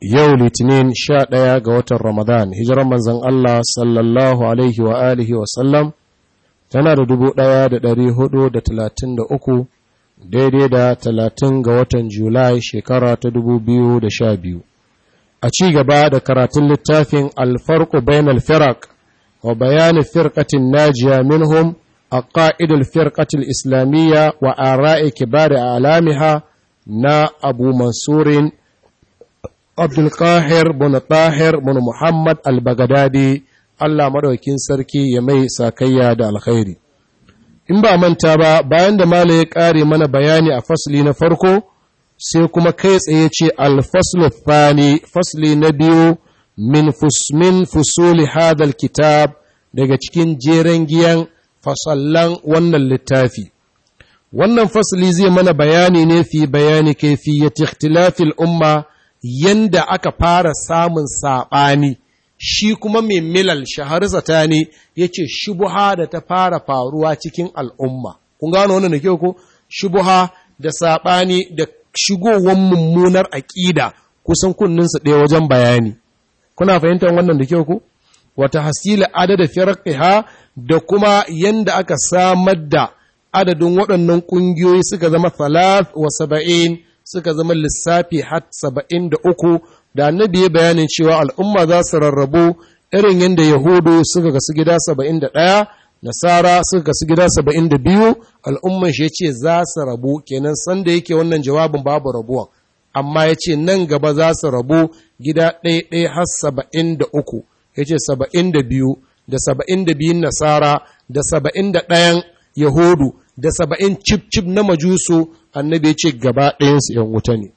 yau litinin sha ɗaya ga watan ramadan hijira'n manzan Allah sallallahu alaihi wa alihi tana da dubu ɗaya da ɗari hudu da talatin da uku daidai da talatin ga watan julai shekara ta dubu biyu da sha biyu a ci gaba da karatun littafin alfarku bain alfirak wa bayanin firkatin najiya minhum a ƙa'idar firkatul islamiyya wa ara'i kibari a alamiha na abu mansurin abdulkahir bin tahir bin muhammad al-bagadadi allah maɗaukin sarki ya mai sakayya da alkhairi in ba manta ba bayan da mala ya ƙare mana bayani a fasli na farko sai kuma kai tsaye ce alfaslu thani fasli na biyu min fusmin fusuli hadal kitab daga cikin jeren giyan fasallan wannan littafi wannan fasli zai mana bayani ne fi bayani kaifiyati ikhtilafil umma yanda aka fara samun saɓani shi kuma mai milal shaharzata ne ya ce shubuha da ta fara faruwa cikin al'umma. Kun gano wannan da kyau ko? Shubuha da saɓani da shigowar mummunar aƙida kusan kunninsa ɗaya wajen bayani. Kuna fahimtar wannan da kyau ko? Wata hasila adada firqiha da kuma yanda aka samar da adadin waɗannan ƙungiyoyi suka zama 73 suka zama lissafi har saba'in da uku da annabi ya bayanin cewa al'umma za su rarrabu irin yadda yahudu suka gasu gida saba'in da ɗaya nasara suka gasu gida saba'in da biyu al'umman shi ya ce za su rabu kenan sanda yake wannan jawabin babu rabuwan amma ya ce nan gaba za su rabu gida ɗaya ɗaya har saba'in da uku ya ce saba'in da biyu da saba'in da biyun nasara da saba'in da ɗayan yahudu da saba'in cif-cif na majusu annabi ya ce gaba ɗayansu ‘yan wuta ne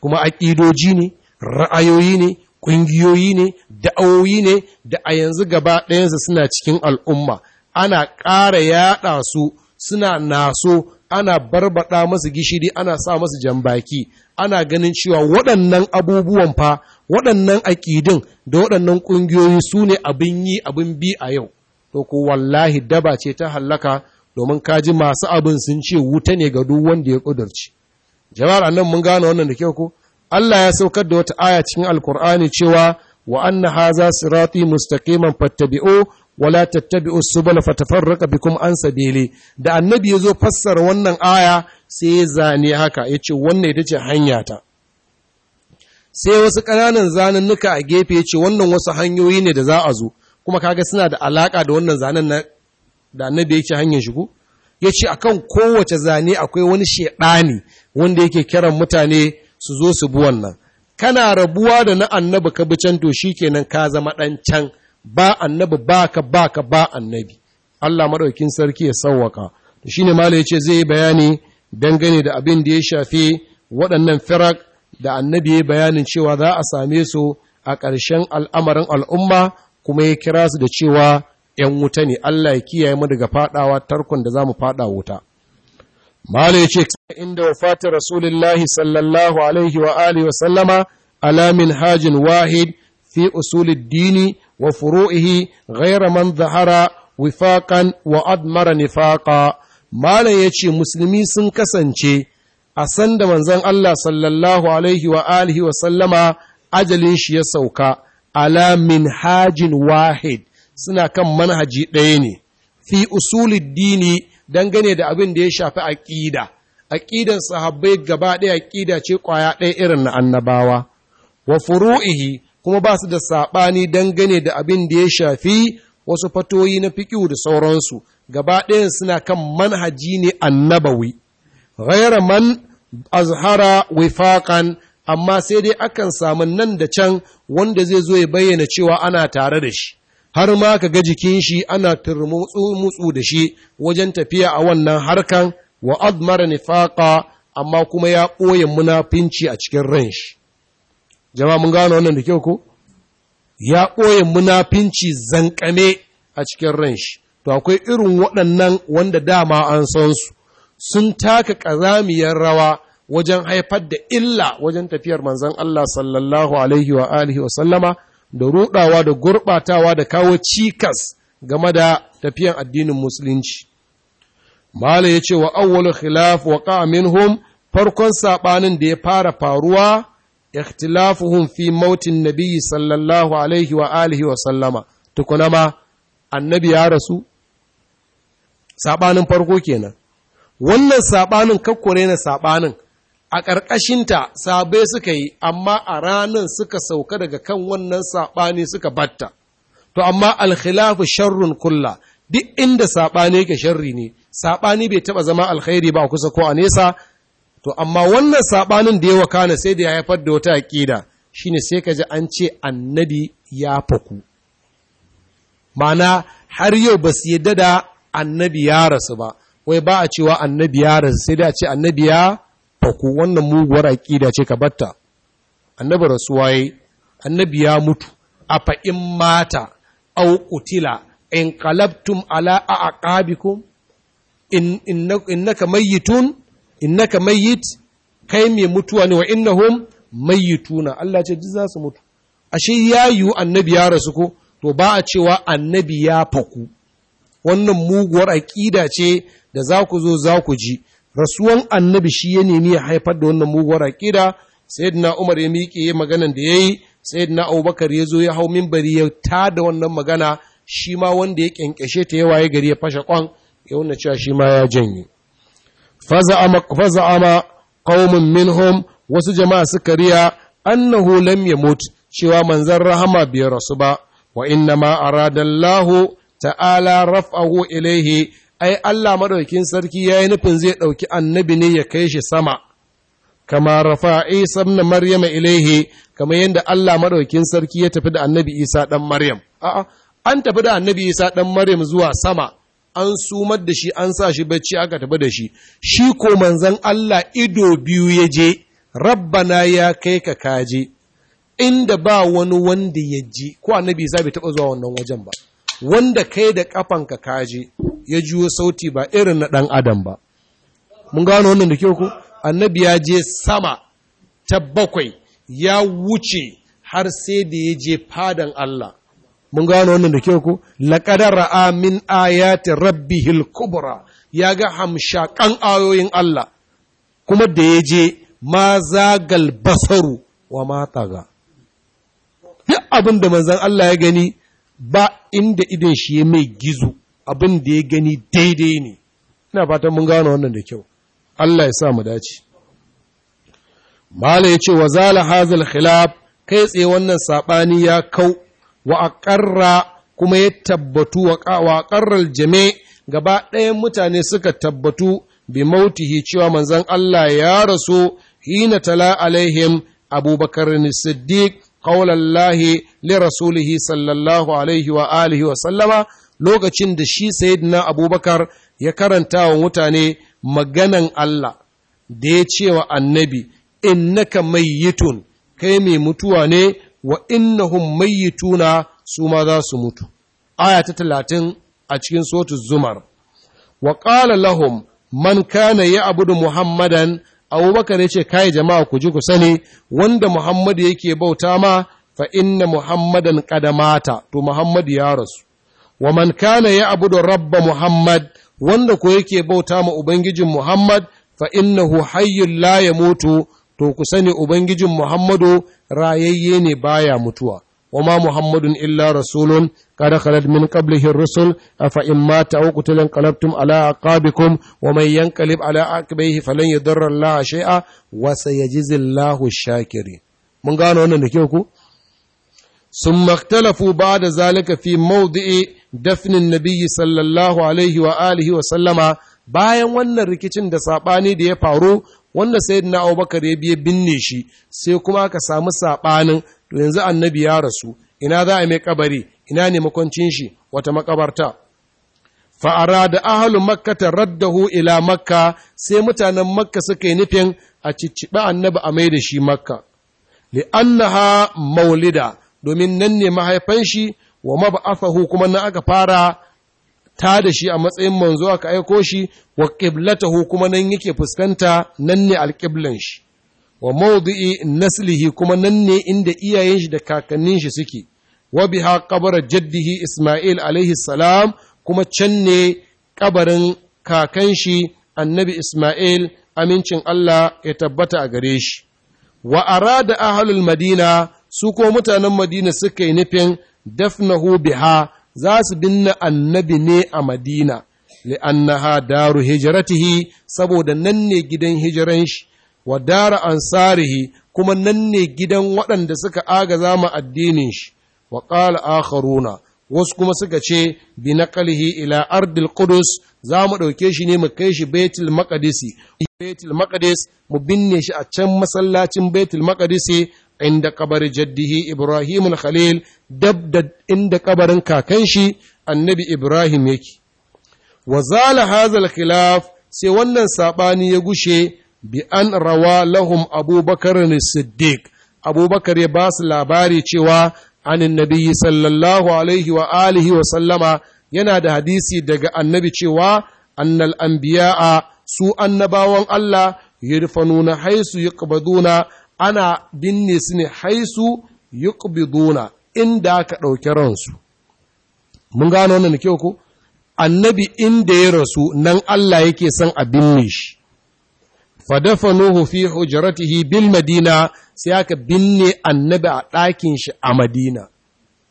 kuma aƙidoji ne ra'ayoyi ne ƙungiyoyi ne da'awoyi ne da a yanzu gaba ɗayansu suna cikin al'umma ana ƙara yaɗa su suna naso ana barbaɗa masu gishiri ana sa masu jambaki ana ganin cewa waɗannan abubuwan fa waɗannan aƙidin da waɗannan ƙungiyoyi su ne abin yi abin bi a yau to ko wallahi daba ce ta hallaka domin kaji masu abin sun ce wuta ne ga duk wanda ya ƙudurci jama'ar annan mun gane wannan da kyau ko Allah ya saukar da wata aya cikin alkur'ani cewa wa anna haza sirati mustaqiman fattabi'u wa la tattabi'u subula fatafarraqa bikum an sabili da annabi ya zo fassara wannan aya sai ya zane haka yace wannan ita ce hanya ta sai wasu ƙananan zanannuka a gefe ce wannan wasu hanyoyi ne da za a zo kuma kaga suna da alaka da wannan zanen na da annabi yake hanyar shigo ya ce akan kowace zane akwai wani shaɗani wanda yake kiran mutane su zo su bi wannan kana rabuwa da na annabi ka bi can to shikenan ka zama ɗan can ba annabi ba ka ba ka ba annabi Allah maɗaukin sarki ya sauwaka to shine malai yace zai yi bayani dangane da abin da ya shafi waɗannan firak da annabi ya bayanin cewa za a same su a ƙarshen al'amarin al'umma kuma ya kira su da cewa ‘yan wuta ne, Allah ya kiyaye mu daga faɗawa tarkon da za mu faɗa wuta. Mala ya ce, inda wafatar Rasulullahi sallallahu alaihi wa alihi wa sallama alamin hajin wahid fi usulid dini wa furu'ihi gaira man zahara wifakan wa admara nifaka Mala ya ce, Musulmi sun kasance a sanda manzon Allah sallallahu alaihi wa alihi wa sallama ajalin shi ya sauka alamin hajin wahid suna kan manhaji ɗaya ne fi usulid dini dangane da abin da ya shafi aƙida aƙidan sahabbai gaba ɗaya aƙida ce ƙwaya ɗaya irin na annabawa wa furu'ihi kuma ba su da saɓani dangane da abin da ya shafi wasu fatoyi na fiƙi da sauransu gaba ɗaya suna kan manhaji ne annabawi ghaira man azhara faƙan. amma sai dai akan samu nan da can wanda zai zo ya bayyana cewa ana tare da shi har ma ka ga jikin shi ana turmutsu mutsu da shi wajen tafiya a wannan harkan wa admara nifaqa amma kuma ya ɓoye munafinci a cikin ran shi jama'a mun gano wannan da kyau ko ya ɓoye munafinci zankame a cikin ran shi to akwai irin waɗannan wanda dama an san su sun taka ƙazamiyar rawa wajen haifar da illa wajen tafiyar manzon Allah sallallahu alaihi wa alihi wa sallama da rudawa da gurbatawa da kawo cikas game da tafiyan addinin musulunci Malam yace wa awwalu khilaf wa qa'a minhum farkon sabanin da ya fara faruwa ikhtilafuhum fi mautin nabiyyi sallallahu alaihi wa alihi wa sallama tukuna ma annabi ya rasu sabanin farko kenan wannan sabanin kakkure na sabanin a ƙarƙashinta sabai suka yi amma a ranar suka sauka daga kan wannan saɓani suka batta to amma alkhilafu sharrun kulla duk inda saɓani yake sharri ne saɓani bai taɓa zama alkhairi ba kusa ko a nesa to amma wannan saɓanin da ya wakana sai da ya haifar da wata aƙida shine sai ka ji an ce annabi ya faku ma'ana har yau ba su yadda da annabi ya rasu ba wai ba a cewa annabi ya rasu sai dai a ce annabi ya ku wannan muguwar aƙida ce ka batta annabi rasuwa annabi ya mutu a fa’in mata au qutila in qalabtum ala aqabikum in innaka mayyitun innaka mayyit kai mai mutuwa ne wa innahum mayyituna Allah ce duk za su mutu ashe ya yiwu annabi ya rasu ko to ba a cewa annabi ya faku wannan muguwar aƙida ce da za ku zo za ku ji rasuwan annabi shi ya nemi ya haifar da wannan muguwar aƙida na umar ya miƙe maganan da ya yayi Saidna abubakar ya zo ya hau mimbari ya ta da wannan magana shi ma wanda ya kyankyashe ta yawa ya gari ya fashe ƙwan. ya wuna cewa shi ma ya janye faza'ama qaumun minhum wasu jama'a suka riya annahu lam yamut cewa manzon rahama bai rasu ba wa inna ma aradallahu ta'ala raf'ahu ilaihi ai Allah madaukin sarki ya yi nufin zai ɗauki annabi ne ya kai shi sama kama rafa isa na maryama ilaihi kamar yadda Allah madaukin sarki ya tafi da annabi isa ɗan maryam a'a an tafi da annabi isa ɗan maryam zuwa sama an sumar da shi an sa shi bacci aka tafi da shi shi ko manzon Allah ido biyu ya je rabbana ya kai ka kaje inda ba wani wanda ya ji ko annabi isa bai taɓa zuwa wannan wajen ba wanda kai da kafanka kaje ya juyo sauti ba irin na ɗan adam ba mun gano wannan da kyau ku annabi ya je sama ta bakwai ya wuce har sai da ya je fadan Allah mun gano wannan da kyau ku laqad ra'a min ayati rabbihil kubra ya ga hamshakan ayoyin Allah kuma da ya je ma zagal basaru wa ma taga duk abin da manzon Allah ya gani ba inda idon shi ya mai gizo abin da ya gani daidai ne ina fatan mun gano wannan da kyau Allah ya sa mu dace mala yace wa zala hazal khilaf kai tsaye wannan sabani ya kau wa aqarra kuma ya tabbatu wa aqarra jami gaba ɗaya mutane suka tabbatu bi mautihi cewa manzon Allah ya rasu hina tala alaihim abubakar siddiq qawlallahi li rasulihi sallallahu alaihi wa alihi wa sallama lokacin da shi sayyidina abubakar ya karanta wa mutane maganan Allah da ya ce wa annabi innaka mayyitun kai mai mutuwa ne wa innahum mayyituna su ma za su mutu aya ta talatin a cikin sotu zumar wa qala lahum man kana abudu muhammadan abubakar ya ce kai jama'a ku ji ku sani wanda muhammadu yake bauta ma fa inna muhammadan kadamata to muhammadu ya rasu wa man kana ya abudu rabba Muhammad wanda ko yake bauta ma Ubangijin Muhammad fa innahu hayyun la ya mutu to ku sani Ubangijin Muhammadu rayayye ne baya mutuwa وما محمد إلا رسول قد خلت من قبله الرسل أفإن مات أو قتل انقلبتم على أعقابكم ومن ينقلب على عقبيه فلن يضر الله شيئا وسيجزي الله الشاكرين من قالوا أنه نكيوكو ثم اختلفوا بعد ذلك في موضع dafnin nabiyyi sallallahu alaihi wa alihi wa sallama bayan wannan rikicin da saɓani da ya faru wanda sayyidina Abubakar ya biye binne shi sai kuma ka samu saɓanin to yanzu annabi ya rasu ina za a mai kabari ina ne makwancin shi wata makabarta fa'ara da ahalun makka ta raddahu ila makka sai mutanen makka suka yi nufin a cicciɓa annabi a mai da shi makka li'annaha maulida domin nan ne mahaifan shi wa mab'athahu kuma na aka fara ta da shi a matsayin manzo aka aiko shi wa qiblatahu kuma nan yake fuskanta nan ne alqiblan shi wa mawdi'i naslihi kuma nan ne inda iyayen shi da kakannin shi suke wa biha qabara jaddihi isma'il alayhi salam kuma can ne kabarin kakan shi annabi isma'il amincin Allah ya tabbata a gare shi wa arada ahlul madina su ko mutanen madina suka yi nufin dafnahu biha za su binne annabi ne a madina li'annaha daru hijratihi saboda nan ne gidan hijiran shi wa dara ansarihi kuma nan ne gidan waɗanda suka agaza mu addinin shi wa qala akharuna wasu kuma suka ce bi naqalihi ila ardil qudus za mu ɗauke shi ne mu kai shi baitul maqdisi baitul maqdis mu binne shi a can masallacin baitul maqdisi inda kabar jaddihi Ibrahim Khalil dab da inda kabarin kakan shi annabi Ibrahim yake. Wa zala hazal khilaf sai wannan saɓani ya gushe bi'an rawa lahum abubakar siddiq abubakar ya basu labari cewa anin nabiyyi sallallahu alaihi wa wa sallama yana da hadisi daga annabi cewa annal anbiya'a su annabawan Allah yurfanuna haisu yuqbaduna ana binne su ne haisu yuqbiduna inda ka ɗauki ransu mun gano wannan da kyau ko annabi inda ya rasu nan Allah yake son a binne shi fadafanuhu fi hujratihi bil madina sai aka binne annabi a ɗakin shi a madina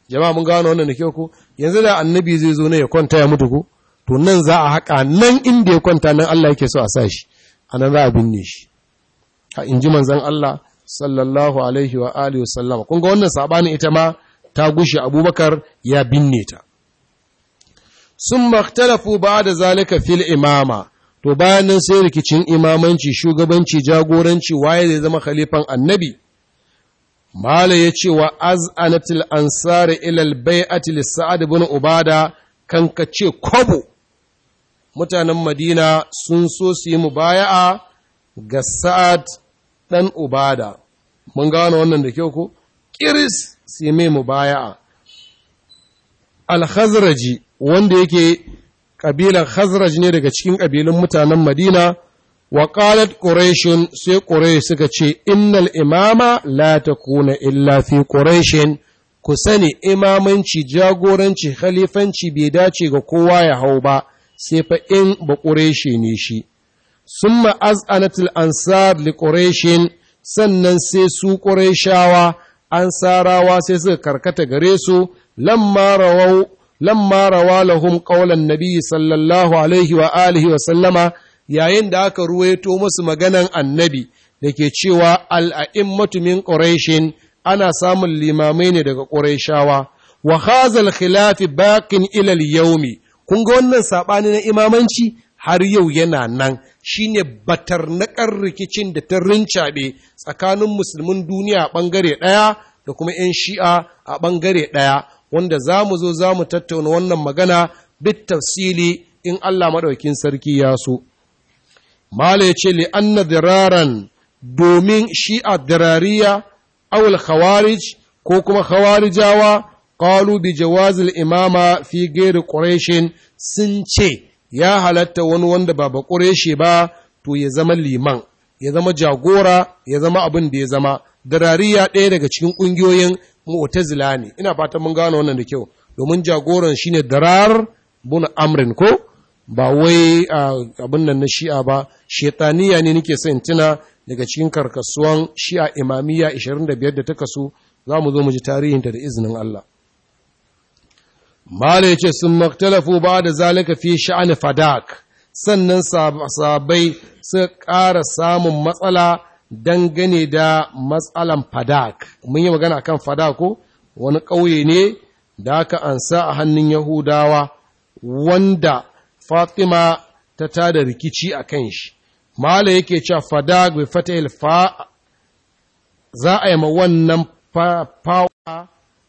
jama'a mun gano wannan da kyau ko yanzu da annabi zai zo ne ya kwanta ya mutu ko to nan za a haƙa nan inda ya kwanta nan Allah yake so a sa shi a nan za a binne shi a in ji manzan Allah sallallahu alaihi wa alihi sallama. kun ga wannan sabani ita ma ta gushe abubakar ya binne ta sun maktalafu ba da zalika fil imama to bayan nan sai rikicin imamanci shugabanci jagoranci waye zai zama khalifan annabi mala ya ce wa az'anatil ansari ilal bai'ati sa'ad ibn ubada kanka ce kobo mutanen madina sun so su yi mubaya'a ga sa'ad ɗan Ubada, mun gano wannan da kyau ko? Kiris sai mai mu baya'a. Al-Khazraji wanda yake ƙabilar Khazraj ne daga cikin ƙabilun mutanen Madina, wa qalat quraishun sai quraish suka ce innal imama la takuna illa fi quraishin ku sani imamanci jagoranci khalifanci bai dace ga kowa ya hau ba sai fa in ba quraishi ne shi sun az'anatul ansar li quraishin sannan sai su quraishawa ansarawa sai suka karkata gare su lamma rawau lamma rawa lahum qawlan nabi sallallahu alaihi wa alihi wa sallama yayin da aka ruwaito musu maganan annabi da ke cewa al'a'immatu min quraishin ana samun limamai ne daga quraishawa wa khazal khilafi baƙin ilal yaumi kun ga wannan saɓani na imamanci har yau yana nan shine ƙan rikicin da ta rincaɓe tsakanin musulmin duniya a ɓangare ɗaya da kuma 'yan shi'a a ɓangare ɗaya wanda za mu zo za mu tattauna wannan magana bit tafsili in Allah maɗaukin sarki ya so. Mala ya ce li'anna diraran domin shi'a dirariya awul khawarij ko kuma khawarijawa ƙalu bi jawazil imama fi gairi ƙureshin sun ce ya halatta wani wanda ba bakure shi ba to ya zama liman ya zama jagora ya zama abin da ya zama darariya ɗaya daga cikin ƙungiyoyin mu'tazila ne ina fatan mun gano wannan da kyau domin jagoran shine darar bun amrin ko ba wai abin nan na shi'a ba shetaniya ne nake son tuna daga cikin karkasuwan shi'a imamiyya 25 da ta kasu za mu zo mu ji tarihinta da izinin Allah Mala ya ce, Sun maktalafu ba da zalika fi sha'ani fadak, sannan sabai suka ƙara samun matsala dangane da matsalan fadak. Mun yi magana kan fadako wani ƙauye ne da aka ansa a hannun Yahudawa wanda Fatima ta tada rikici a kan shi. Mala yake cewa fadak bai fata ilfa, za a yi ma wannan fawa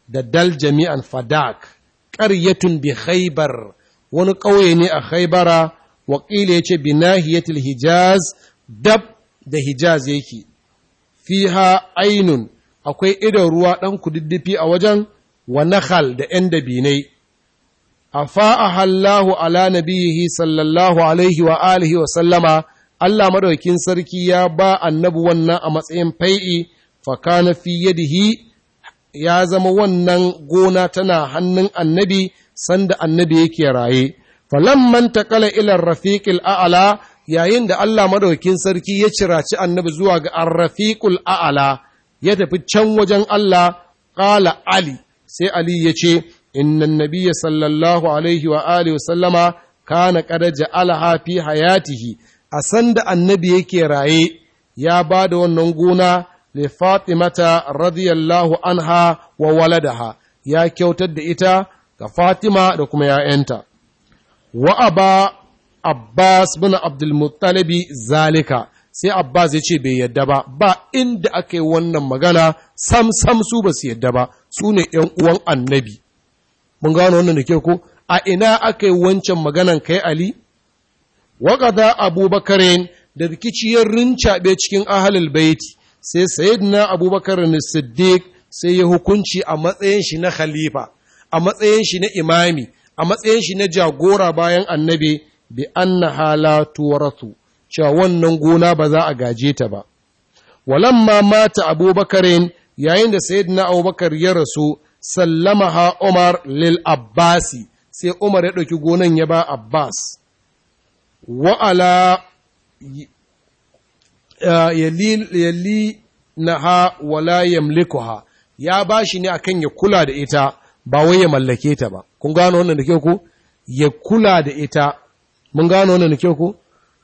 da dal jami'an fadak. qaryatun bi khaybar wani ƙauye ne a khaybara waƙila ya ce bi hijaz dab da hijaz yake fiha ainun akwai idon ruwa ɗan kududdufi a wajen wa nahal da ‘yan dabinai, a fa'ahallahu ala nabihi sallallahu alaihi wa alihi wa sallama, Allah madaukin sarki ya ba annabi wannan a matsayin fai'i, na fi yadihi ya zama wannan gona tana hannun annabi sanda annabi yake raye falamman taqala ila rafiqil a'la yayin da Allah madaukin sarki ya ciraci annabi zuwa ga ar-rafiqul a'la ya tafi can wajen Allah qala ali sai ali ya ce innan nabiyya sallallahu alaihi wa alihi wa sallama kana qad ja'alaha fi hayatihi a sanda annabi yake raye ya bada wannan gona li Fatimata radiyallahu anha wa waladaha ya kyautar da ita ga Fatima da kuma ‘ya'yanta. Wa Abbas bin Abdulmuttalibi zalika, sai Abbas ya ce bai yadda ba, ba inda aka yi wannan magana sam sam su ba su yadda ba, su ne ‘yan uwan annabi. Mun gano wannan da ke ko, a ina aka yi wancan maganan kai Ali? Waƙada Abubakarin da rikiciyar rincaɓe cikin ahalil baiti, sai sayyidina abubakar siddiq sai ya hukunci a matsayin shi na khalifa a matsayin shi na imami a matsayin shi na jagora bayan annabi bi anna hala tuwaratu cewa wannan gona ba za a gaje ta ba walamma mata abubakarin yayin da sayyidina abubakar ya rasu sallama ha umar lil abbasi sai umar ya ɗauki gonan ya ba abbas wa'ala yali ha wala ha ya bashi ne akan ya kula da ita ba wai ya mallake ta ba kun gano wannan da kyau ku. ya kula da ita mun gano wannan da kyau ku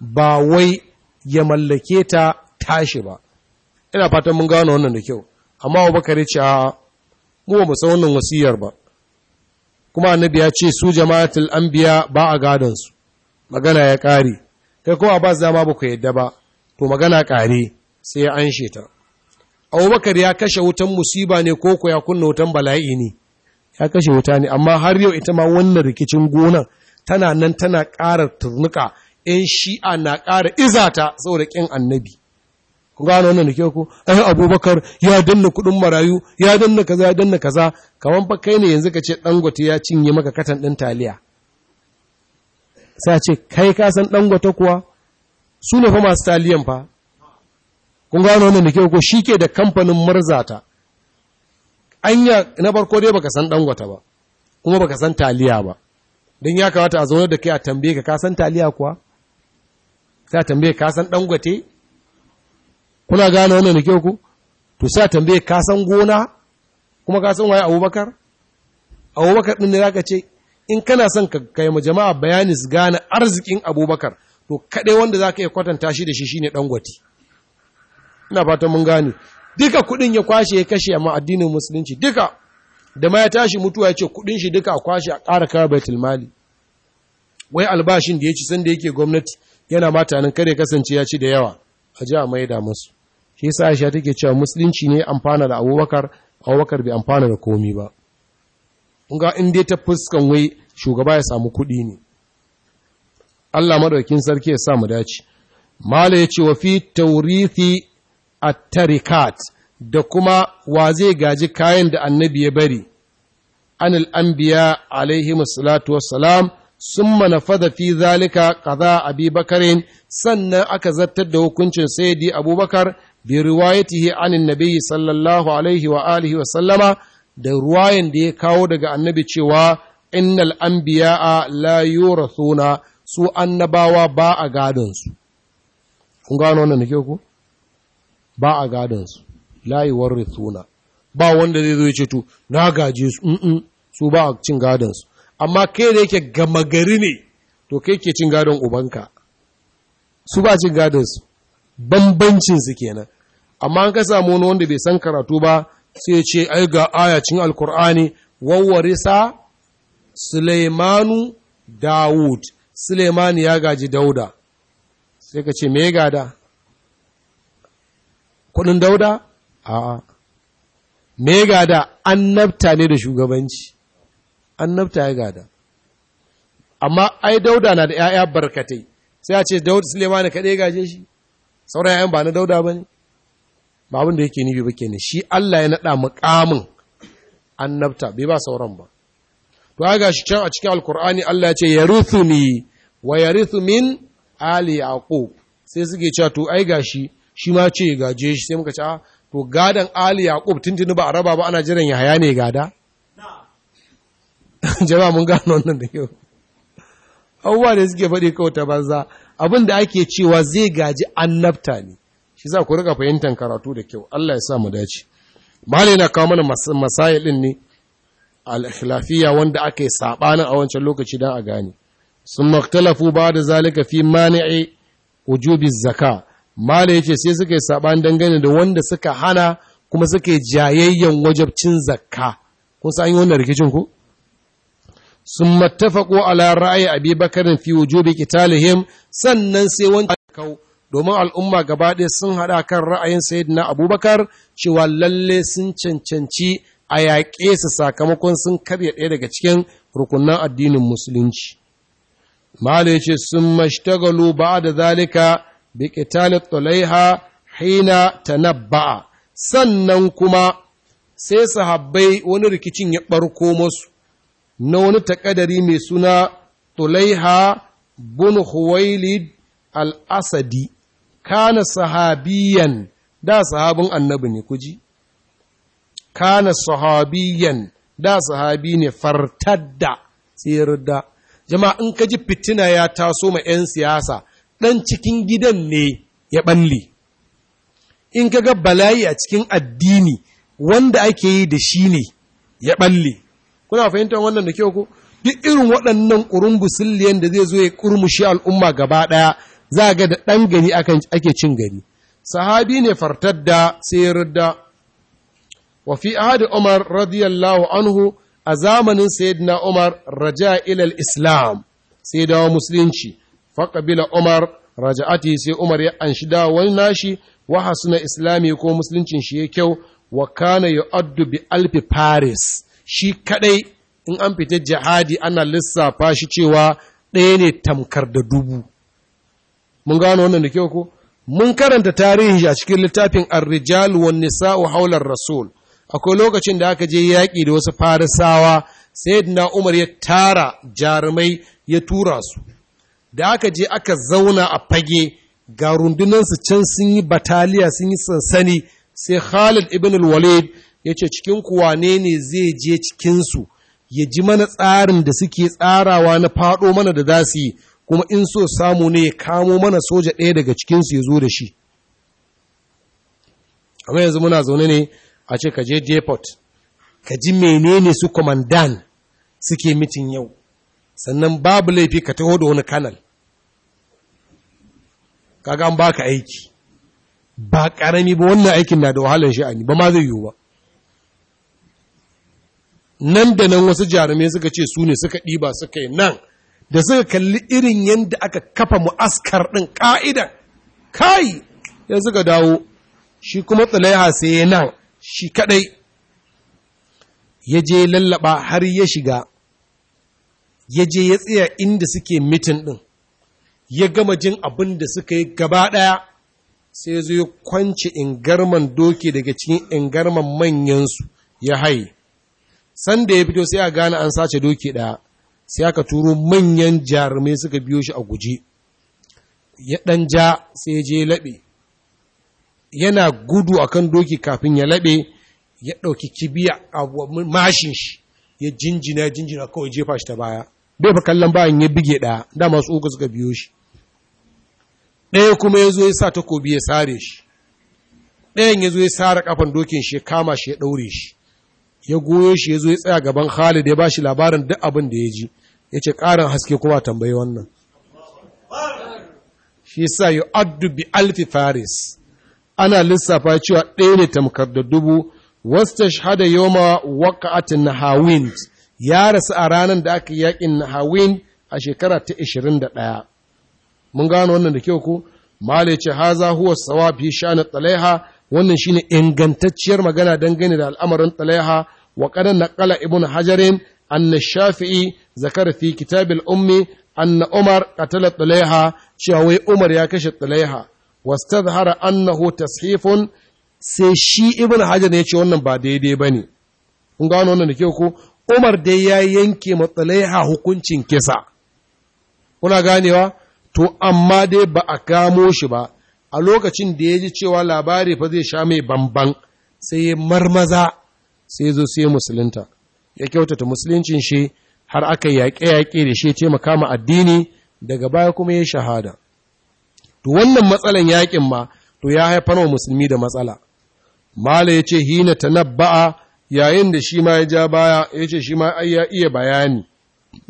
ba wai ya mallake ta tashi ba ina fatan mun gano wannan da kyau amma wa ya ce a mu ba san wannan wasiyar ba kuma annabi ya ce su jama'atul biya ba a gadon su magana ya kare kai ko ba dama ba ku yadda ba to magana ƙare sai ya an ta abubakar ya kashe wutan musiba ne ko ku ya kunna wutan bala'i ne ya kashe wuta ne amma har yau ita ma wannan rikicin gona tana nan tana ƙara turnuka ‘yan shi'a na ƙara izata saboda ƙin annabi ku gano wannan da ku ai abubakar ya danna kuɗin marayu ya danna kaza ya danna kaza kamar fa kai ne yanzu ka ce dangote ya cinye maka katan ɗin taliya sai ce kai ka san dangote kuwa su ne fa masu taliyan fa kun gano wannan da ke ko shi ke da kamfanin marzata anya na farko dai baka san dangwata ba kuma baka san taliya ba don ya kamata a zaunar da kai a tambaye ka ka san taliya kuwa sai a tambaye ka san dangwate kuna gano wannan da ke ku to sai a tambaye ka san gona kuma ka san waye abubakar abubakar din ne zaka ce in kana son ka kai mu jama'a bayani su gane arzikin abubakar to kaɗai wanda za ka iya kwatanta shi da shi shine gwati. ina fata mun gane duka kuɗin ya kwashe ya kashe amma addinin musulunci duka da ma ya tashi mutuwa ya ce kuɗin shi duka a kwashe a ƙara kawo baitul mali wai albashin da ya ci sanda yake gwamnati yana mata nan kare kasance ya ci da yawa a ji a maida musu shi yasa Aisha take cewa musulunci ne amfana da Abubakar Abubakar bai amfana da komi ba kun ga in dai ta fuskan wai shugaba ya samu kuɗi ne Allah maɗaukin sarki ya sa mu dace mala yace wa fi tawrithi at-tarikat da kuma wa zai gaji kayan da annabi ya bari anil anbiya alaihi salatu wassalam summa nafada fi zalika qada abi bakarin sannan aka zartar da hukuncin sayyidi abubakar bi riwayatihi anin nabiyyi sallallahu alaihi wa alihi wa sallama da ruwayan da ya kawo daga annabi cewa innal anbiya la yurathuna su annabawa ba a gadonsu kun gano wannan da ku ba a gadonsu layi warri suna ba wanda zai zo ya ce to na gaje su in su ba a cin gadonsu amma kai da yake gama gari ne to kai ke cin gadon ubanka su ba cin gadonsu bambancinsu kenan amma an ka samu wani wanda bai san karatu ba sai ce ai ga ayacin alkur'ani wawwarisa Suleimanu Dawud Suleimani ya gaji Dauda sai ka ce me gada kudin Dauda a'a me gada annabta ne da shugabanci annabta ya gada amma ai Dauda na da 'ya'ya barkatai sai a ce Dauda Suleiman kaɗai gaje shi sauran 'ya'yan ba na Dauda ba ne ba abin da yake nufi ba kenan shi Allah ya naɗa muƙamin annabta bai ba sauran ba to ga shi can a cikin alkur'ani Allah ya ce ya ruthuni wa yarithu min ali yaqub sai suke cewa to ai gashi shi ma ce gaje shi sai muka ce ah, to gadan ali yaqub tuntuni ba a raba ba ana jiran haya ne gada jama'a mun gano wannan da yau abubuwa da suke faɗi kawai ta banza abin da ake cewa zai gaji annabta ne shi za ku rika fahimtar karatu da kyau Allah ya sa mu dace malai na kawo mana masayi ɗin ne al wanda aka yi saɓanin a wancan lokaci dan a gane sun maktalafu ba da zalika fi mani'i wujubi zaka mala yace sai suka yi saban dangane da wanda suka hana kuma suka yi jayayyen wajabcin zakka ko sai an yi wannan rikicin ku sun mattafaqu ala ra'ayi abi bakarin fi wujubi qitalihim sannan sai wanda kau domin al'umma gaba ɗaya sun haɗa kan ra'ayin sayyidina abubakar cewa lalle sun cancanci a yaƙe su sakamakon sun karya ɗaya daga cikin rukunan addinin musulunci Mala ya ce, Sun mashtagalu ba da zalika bi ƙitali tsulaiha hina tanabba'a, sannan kuma sai sahabbai wani rikicin ya ɓarko masu na wani takadari mai suna tsulaiha bin Huwailid al-Asadi, kana sahabiyan da sahabin annabi ne kuji, kana sahabiyan da sahabi ne fartadda tsirda. jama'a in ka ji fitina ya taso ma 'yan siyasa ɗan cikin gidan ne ya ɓalle in ka ga bala'i a cikin addini wanda ake yi da shi ne ya ɓalle kuna fahimtar wannan da kyau ko duk irin waɗannan busulliyan da zai zo ya ƙurmushi al'umma gaba ɗaya za ga da ɗan gani ake cin gari sahabi ne fartar sai ya da wa fi umar radiyallahu anhu a zamanin sayyidina Umar raja ilal Islam sai dawo musulunci faqabila Umar raja'ati sai Umar ya anshi dawon nashi wa hasuna islami ko musuluncin shi ya kyau wa kana yu'addu bi alfi Paris shi kadai in an fita jihadi ana lissafa shi cewa ɗaya ne tamkar da dubu mun gano wannan da kyau ko mun karanta tarihi a cikin littafin ar-rijal wan nisa'u hawlar rasul akwai lokacin da aka je yaƙi da wasu farisawa na umar ya tara jarumai ya tura su da aka je aka zauna a fage ga rundunansu can sun yi bataliya sun yi sansani sai khalid ibn walid ya ce cikin kuwane ne zai je cikinsu ya ji mana tsarin da suke tsarawa na faɗo mana da za su yi kuma in so samu ne ya kamo mana soja ɗaya daga cikinsu ya zo da shi amma yanzu muna zaune ne a ce ka je depot ka ji menene su kwamandan suke mitin yau sannan babu laifi ka taho da wani kanal kaga an baka aiki ba karami ba wannan aikin na da wahalar sha'ani ba ma zai yiwu ba nan da nan wasu jarumai suka ce su ne suka ɗiba suka yi nan da suka kalli irin yadda aka kafa mu'askar ɗin ƙa'ida kai ya suka dawo shi kuma tsalaiha sai nan shi kadai ya je lallaba har ya shiga ya je ya tsaya inda suke mitin din ya gama jin abin da suka yi gaba daya sai zo ya kwance ingarman doki daga cikin ingarman manyansu ya haye sanda ya fito sai a gane an sace doki daya sai aka turo manyan jarumai suka biyo shi a guje ya ɗan ja sai je laɓe yana gudu a kan doki kafin ya laɓe ya ɗauki kibiya a mashin shi ya jinjina jinjina kawai jefa shi ta baya bai fa kallon bayan ya bige ɗaya da masu uku suka biyo shi ɗaya kuma ya zo ya sa takobi ya sare shi ɗayan ya zo ya sare kafan dokin shi ya kama shi ya ɗaure shi ya goyo shi ya zo ya tsaya gaban Khalid ya ba shi labarin duk abin da ya ji ya ce ƙarin haske kuma tambayi wannan shi sa yi addu bi alfi faris ana lissafa cewa ɗaya ne tamkar da dubu wasu ta shahada yoma waka'atin nahawin ya rasu a ranar da aka yakin nahawin a shekara ta 21 mun gano wannan da kyau ku. male ce haza huwa sawab fi sha'ani talaiha wannan shine ingantacciyar magana dangane da al'amarin tsalaiha wa na kala ibnu hajarin na shafi'i zakar fi kitabil ummi anna umar katala tsalaiha cewa wai umar ya kashe tsalaiha wastazhara annahu tashifun sai shi ibn hajar ya ce wannan ba daidai ba ne kun gano wannan da ke ku. umar dai ya yanke matsalaiha hukuncin kisa kuna ganewa to amma dai ba a gamo shi ba a lokacin da ya ji cewa labari fa zai sha mai bamban sai ya marmaza sai zo sai musulunta ya kyautata musuluncin shi har aka yaƙe-yaƙe da shi taimaka ma addini daga baya kuma ya shahada to wannan matsalan yakin ma to ya haifar wa musulmi da matsala mala yace hina tanabba'a yayin da shi ma ya ja baya yace shi ma ya iya bayani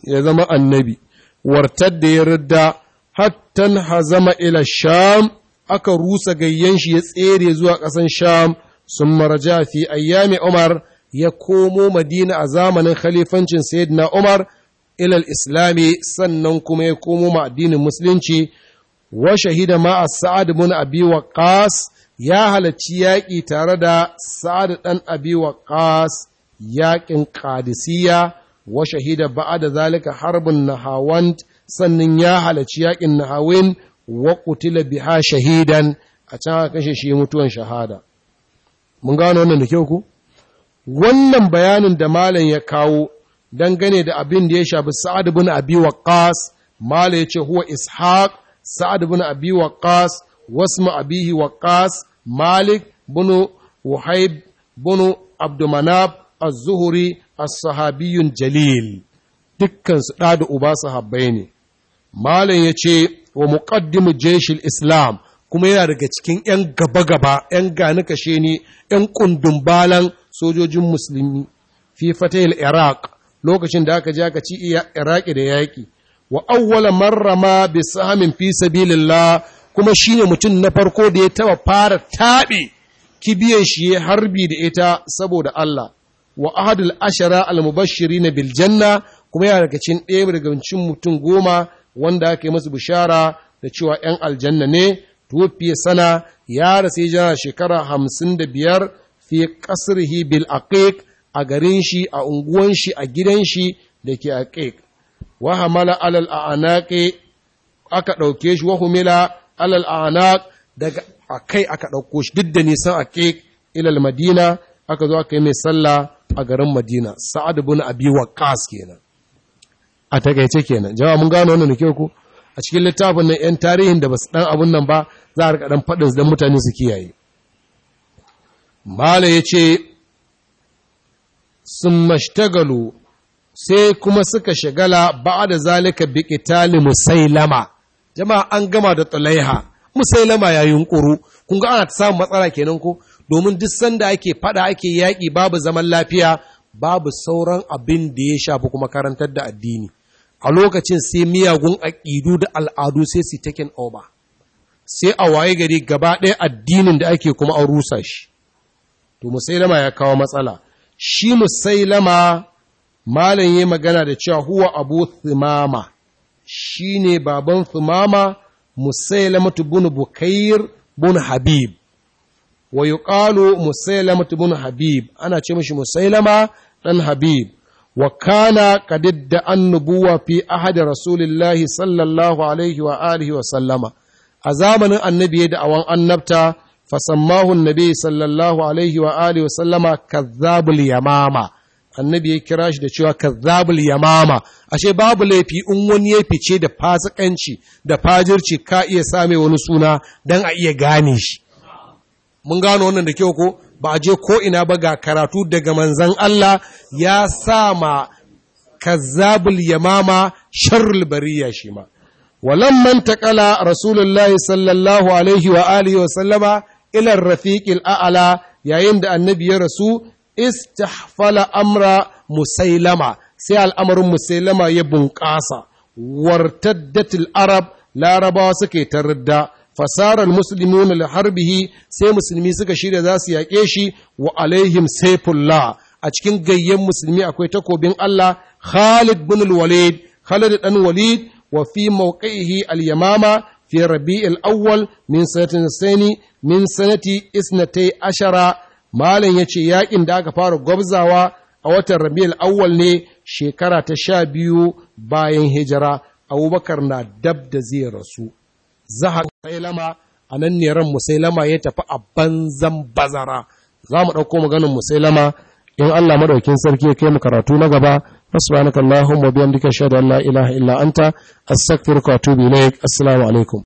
ya zama annabi wartar da ya ridda hattan hazama ila sham aka rusa gayyan shi ya tsere zuwa ƙasan sham sun maraja fi ayyami umar ya komo madina a zamanin khalifancin sayyidina umar ilal islami sannan kuma ya komo ma addinin musulunci wa shahida ma a sa'ad bin abi ƙas ya halarci yaƙi tare da sa'ad ɗan abi ƙas yaƙin ƙadisiya wa shahida ba a da zalika harbin hawan sannan ya halarci yaƙin nahawin wa qutila biha shahidan a can aka kashe shi mutuwan shahada mun gano wannan da kyau ku wannan bayanin da malam ya kawo dangane da abin da ya shafi sa'ad bin abi waqqas malam ya ce huwa ishaq sa'ad bin abi waqqas wasmu abihi waqqas malik bin وحيب bin Abdumanab az الزهري as الجليل Jalil, dukkansu ɗa da uba sahabbai ne malam ya ce wa muƙaddimu jeshin islam kuma yana daga cikin 'yan gaba-gaba 'yan gani kashe ne 'yan kundumbalan balan sojojin musulmi fi fatahil iraq lokacin da aka ji aka ci iraki da yaƙi wa awwala marra ma bi samin fi sabilillah kuma shine mutum na farko da ya taba fara tabe kibiyan shi harbi da ita saboda Allah wa ahadul ashara al mubashirin bil janna kuma yana daga cikin ɗaya daga cikin mutum goma wanda aka yi masa bishara da cewa ‘yan aljanna ne, tuwafiye sana ya rasu jana shekara hamsin da biyar fi ƙasirhi bil aqiq a garin shi, a unguwan shi, a gidan shi da ke aqiq. wa hamala alal a'anaqi aka ɗauke shi wa humila alal a'anaq daga akai aka ɗauko shi duk da nisan ake al madina aka zo aka yi mai sallah a garin madina sa'ad ibn abi waqas kenan a takaice kenan jama'a mun gano wannan ne ku a cikin littafin nan yan tarihin da basu dan abun nan ba za a rika dan fadin su dan mutane su kiyaye mala yace sun mashtagalu sai kuma suka shigala ba da zalika bi tali musailama jama'a an gama da tsalaiha musailama ya yunkuru kun ga ana samun matsala kenan ko domin duk sanda ake fada ake yaƙi babu zaman lafiya babu sauran abin da ya shafi kuma karantar da addini a lokacin sai miyagun aƙidu da al'adu sai su taken oba sai a waye gari gaba ɗaya addinin da ake kuma an rusa shi to musailama ya kawo matsala shi musailama malam yi magana da cewa huwa abu thumama shi ne baban thumama musailamatu bin bukair bun habib wa yuqalu musailamatu bin habib ana ce mishi musailama dan habib wa kana qadidda annubuwa fi ahadi rasulillah sallallahu alaihi wa alihi wa sallama a zamanin annabi da awan annabta fasammahu annabi sallallahu alaihi wa alihi wa sallama kazzabul yamama annabi ya kira shi da cewa kazzabul yamama ashe babu laifi in wani ya fice da fasikanci da fajirci ka iya same wani suna dan a iya gane shi mun gano wannan da kyau ko ba a je ko ina ba ga karatu daga manzan Allah ya sa ma kazzabul yamama sharrul bariya shi ma man taqala rasulullahi sallallahu alaihi wa alihi wa sallama ila rafiqil a'la yayin da annabi ya rasu istihfala amra musailama sai al'amarin musailama ya bunƙasa wartaddatil arab larabawa suke tarda fasarar musulmi na harbihi sai musulmi suka shirya za su yaƙe shi wa alaihim saifullah a cikin gayyen musulmi akwai takobin Allah Khalid bin Walid Khalid dan Walid wa fi mawqihi al-Yamama fi Rabi' al-Awwal min sanati sani min sanati isnatay ashara Malam ya ce yaƙin da aka fara gwabzawa a watan Rabiul Awwal ne shekara ta sha biyu bayan hijira, Abubakar na dab da zai rasu. zaha Musailama a nan ne ran Musailama ya tafi a banzan bazara. Za mu ɗauko maganin Musailama in Allah madaukin sarki ya kai mu karatu na gaba. Subhanakallahumma bihamdika duka an la ilaha illa anta astaghfiruka wa atubu ilaik. Assalamu alaikum.